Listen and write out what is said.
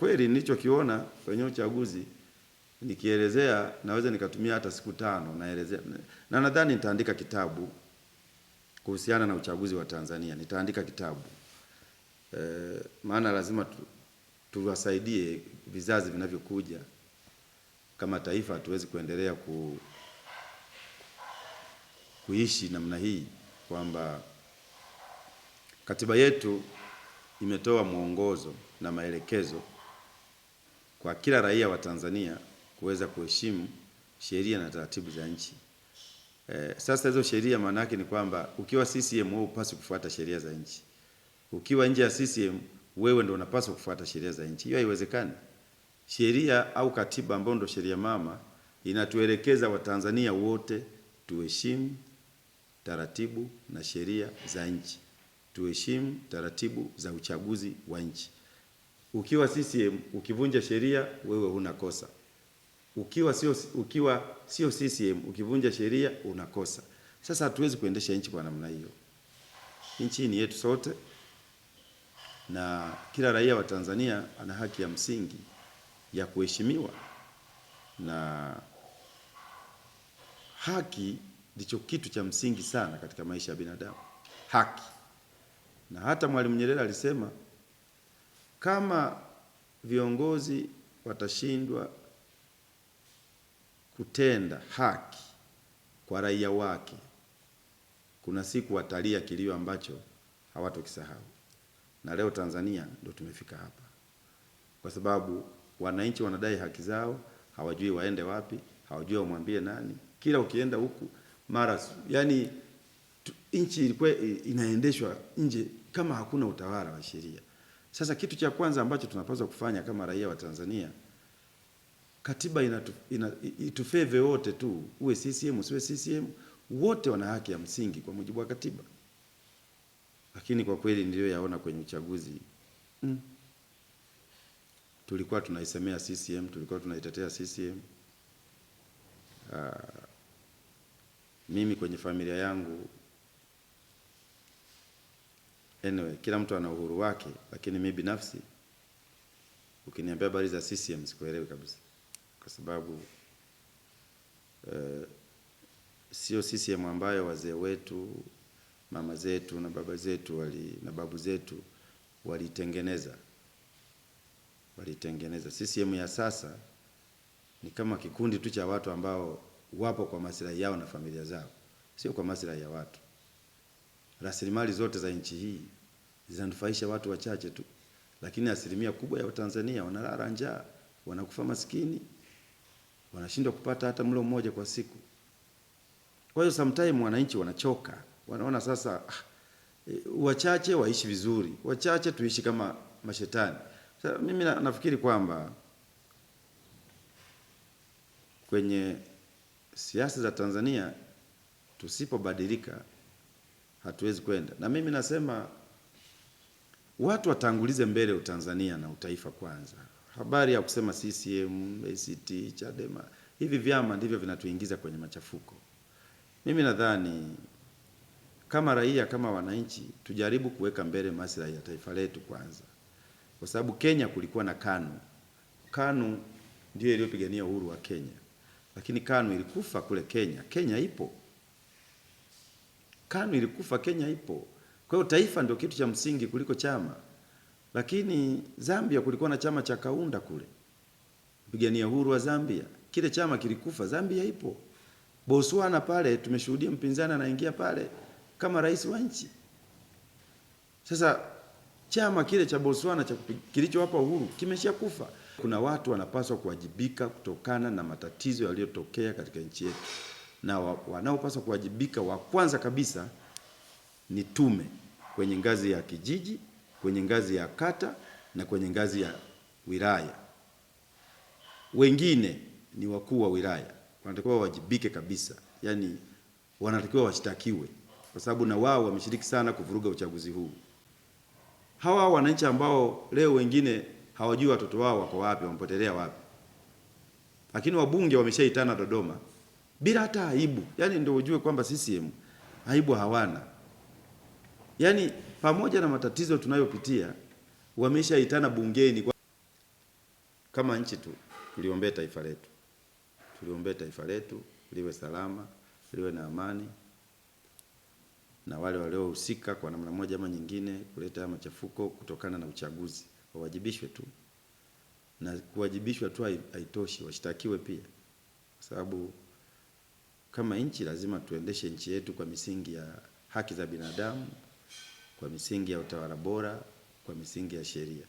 kweli nilichokiona kwenye uchaguzi nikielezea, naweza nikatumia hata siku tano naelezea, na nadhani nitaandika kitabu kuhusiana na uchaguzi wa Tanzania. Nitaandika kitabu e, maana lazima tu, tuwasaidie vizazi vinavyokuja. Kama taifa hatuwezi kuendelea ku, kuishi namna hii kwamba katiba yetu imetoa mwongozo na maelekezo kwa kila raia wa Tanzania kuweza kuheshimu sheria na taratibu za nchi. Eh, sasa hizo sheria maana yake ni kwamba ukiwa CCM wewe upaswi kufuata sheria za nchi. Ukiwa nje ya CCM wewe ndio unapaswa kufuata sheria za nchi. Hiyo haiwezekani. Sheria au katiba ambayo ndio sheria mama inatuelekeza Watanzania wote tuheshimu taratibu na sheria za nchi, tuheshimu taratibu za uchaguzi wa nchi. Ukiwa CCM ukivunja sheria wewe unakosa. ukiwa sio ukiwa sio CCM ukivunja sheria unakosa. Sasa hatuwezi kuendesha nchi kwa namna hiyo. Nchi ni yetu sote, na kila raia wa Tanzania ana haki ya msingi ya kuheshimiwa, na haki ndicho kitu cha msingi sana katika maisha ya binadamu. Haki, na hata Mwalimu Nyerere alisema kama viongozi watashindwa kutenda haki kwa raia wake, kuna siku watalia kilio ambacho hawatokisahau. Na leo Tanzania ndio tumefika hapa, kwa sababu wananchi wanadai haki zao, hawajui waende wapi, hawajui wamwambie nani. Kila ukienda huku mara yani nchi ilikuwa inaendeshwa nje kama hakuna utawala wa sheria. Sasa kitu cha kwanza ambacho tunapaswa kufanya kama raia wa Tanzania, katiba inatu, ina, itufeve wote tu, uwe CCM usiwe CCM, wote wana haki ya msingi kwa mujibu wa katiba, lakini kwa kweli ndio yaona kwenye uchaguzi mm. Tulikuwa tunaisemea CCM, tulikuwa tunaitetea CCM. Aa, ah, mimi kwenye familia yangu anyway, kila mtu ana uhuru wake, lakini mimi binafsi ukiniambia habari za CCM sikuelewi kabisa, kwa sababu uh, sio CCM ambayo wazee wetu mama zetu na baba zetu wali, na babu zetu walitengeneza walitengeneza. CCM ya sasa ni kama kikundi tu cha watu ambao wapo kwa maslahi yao na familia zao, sio kwa maslahi ya watu rasilimali zote za nchi hii zinanufaisha watu wachache tu, lakini asilimia kubwa ya Watanzania wanalala njaa, wanakufa maskini, wanashindwa kupata hata mlo mmoja kwa siku. Kwa hiyo sometime wananchi wanachoka, wanaona sasa ah, eh, wachache waishi vizuri, wachache tuishi kama mashetani. Sasa mimi nafikiri kwamba kwenye siasa za Tanzania tusipobadilika hatuwezi kwenda. Na mimi nasema watu watangulize mbele utanzania na utaifa kwanza. Habari ya kusema CCM, ACT, Chadema, hivi vyama ndivyo vinatuingiza kwenye machafuko. Mimi nadhani kama raia, kama wananchi, tujaribu kuweka mbele maslahi ya taifa letu kwanza, kwa sababu Kenya kulikuwa na KANU. KANU ndio iliyopigania uhuru wa Kenya, lakini KANU ilikufa kule Kenya. Kenya ipo. KANU ilikufa, Kenya ipo. Kwa hiyo taifa ndio kitu cha msingi kuliko chama. Lakini Zambia kulikuwa na chama cha Kaunda kule, mpigania uhuru wa Zambia, kile chama kilikufa, Zambia ipo. Botswana pale tumeshuhudia mpinzani anaingia pale kama rais wa nchi. Sasa chama kile cha Botswana cha kilichowapa uhuru kimeshakufa. Kuna watu wanapaswa kuwajibika kutokana na matatizo yaliyotokea katika nchi yetu na wanaopaswa kuwajibika wa kwanza kabisa ni tume kwenye ngazi ya kijiji, kwenye ngazi ya kata na kwenye ngazi ya wilaya. Wengine ni wakuu wa wilaya, wanatakiwa wawajibike kabisa, yani wanatakiwa washtakiwe, kwa sababu na wao wameshiriki sana kuvuruga uchaguzi huu. Hawa wananchi ambao leo wengine hawajui watoto wao wako wapi, wamepotelea wapi, lakini wabunge wameshaitana Dodoma bila hata aibu. Yani ndio ujue kwamba CCM aibu hawana. Yani pamoja na matatizo tunayopitia wameshaitana bungeni kwa... kama nchi tu tuliombee taifa letu, tuliombee taifa letu liwe salama, liwe na amani, na wale waliohusika kwa namna moja ama nyingine kuleta machafuko kutokana na uchaguzi wawajibishwe tu, na kuwajibishwa tu haitoshi, washtakiwe pia, kwa sababu kama nchi lazima tuendeshe nchi yetu kwa misingi ya haki za binadamu, kwa misingi ya utawala bora, kwa misingi ya sheria.